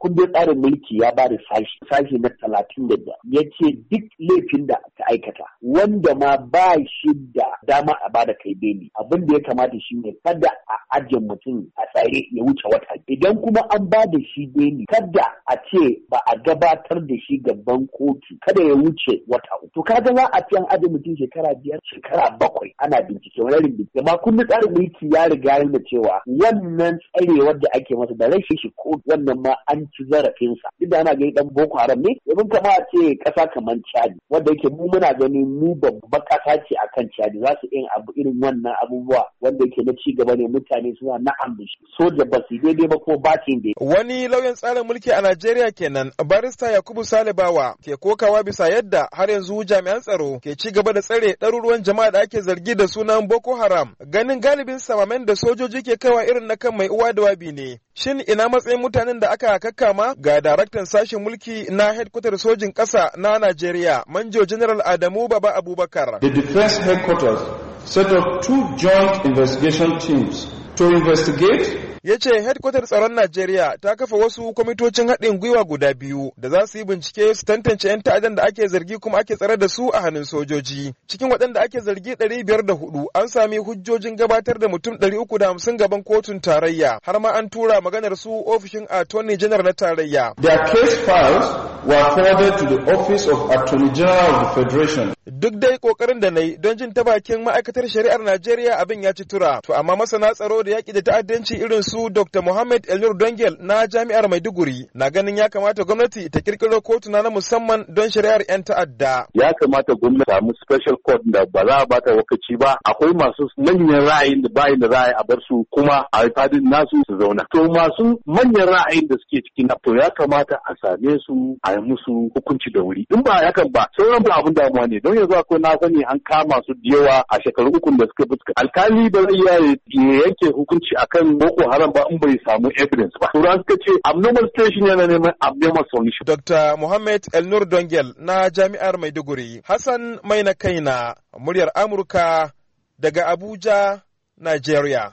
kundin tsarin mulki ya ba da sashi na talatin da ya ce duk laifin da aikata wanda ma ba shi da dama a bada kai beli abin da ya kamata shi ne kada a ajiye mutum a tsare ya wuce wata idan kuma an ba da shi beli kada a ce ba a gabatar da shi gaban kotu kada ya wuce wata uku to kaga za a fi an ajiye mutum shekara biyar shekara bakwai ana bincike wani bincike amma kun tsarin mulki ya riga nuna cewa wannan tsarewar da ake masa da rashin shi ko wannan ma an ci zarafinsa duk da ana gani dan boko haram ne domin kama a ce kasa kamar cadi wanda yake mu muna ganin mu babban ƙasa ce a kan cadi za su yin abu irin wannan abubuwa wanda ke na ci gaba ne mutane suna na ambishi soja ba su daidai ba ko ba su daidai. wani lauyan tsarin mulki a najeriya kenan barista yakubu salibawa ke kokawa bisa yadda har yanzu jami'an tsaro ke ci gaba da tsare ɗaruruwan jama'a da ake zargi da sunan boko haram ganin galibin samamen da sojoji ke kaiwa irin na kan mai uwa da wabi ne Shin ina matsayin mutanen da aka kakkama ga daraktan sashen mulki na headquarter sojin ƙasa na Najeriya, Manjo General Adamu Baba Abubakar. The Defense Headquarters set up two joint investigation teams to investigate ya ce hedkwatar tsaron najeriya ta kafa wasu kwamitocin haɗin gwiwa guda biyu da za su yi bincike su tantance 'yan ta'adan da ake zargi kuma ake tsare da su a hannun sojoji cikin waɗanda ake zargi ɗari biyar da hudu an sami hujjojin gabatar da mutum ɗari uku da hamsin gaban kotun tarayya har ma an tura maganar su ofishin attorney general na tarayya. Their case files were forwarded to the office of Attorney General of the Federation. Duk dai kokarin da na yi don jin ta bakin ma'aikatar shari'ar Najeriya abin ya ci tura. To amma masana tsaro da yaƙi da ta'addanci irin su Dr. Mohammed Elnur Dongel na Jami'ar Maiduguri na ganin ya kamata gwamnati ta kirkiro kotuna na musamman don shari'ar 'yan ta'adda. Ya kamata gwamnati ta samu special court da ba za a bata wakaci ba. Akwai masu manyan ra'ayin da bayin da ra'ayi a bar su kuma a fadin nasu su zauna. To masu manyan ra'ayin da suke cikin to ya kamata a same su a a yi musu hukunci da wuri in ba yakan ba sauran ba abin damuwa ne don yanzu akwai na sani an kama su da yawa a shekaru uku da suka fuska alkali ba zai iya yanke hukunci akan boko haram ba in bai samu evidence ba sauran suka ce abnormal station yana neman abnormal solution dr Mohammed elnur dongel na jami'ar maiduguri hassan mai na kaina muryar amurka daga abuja nigeria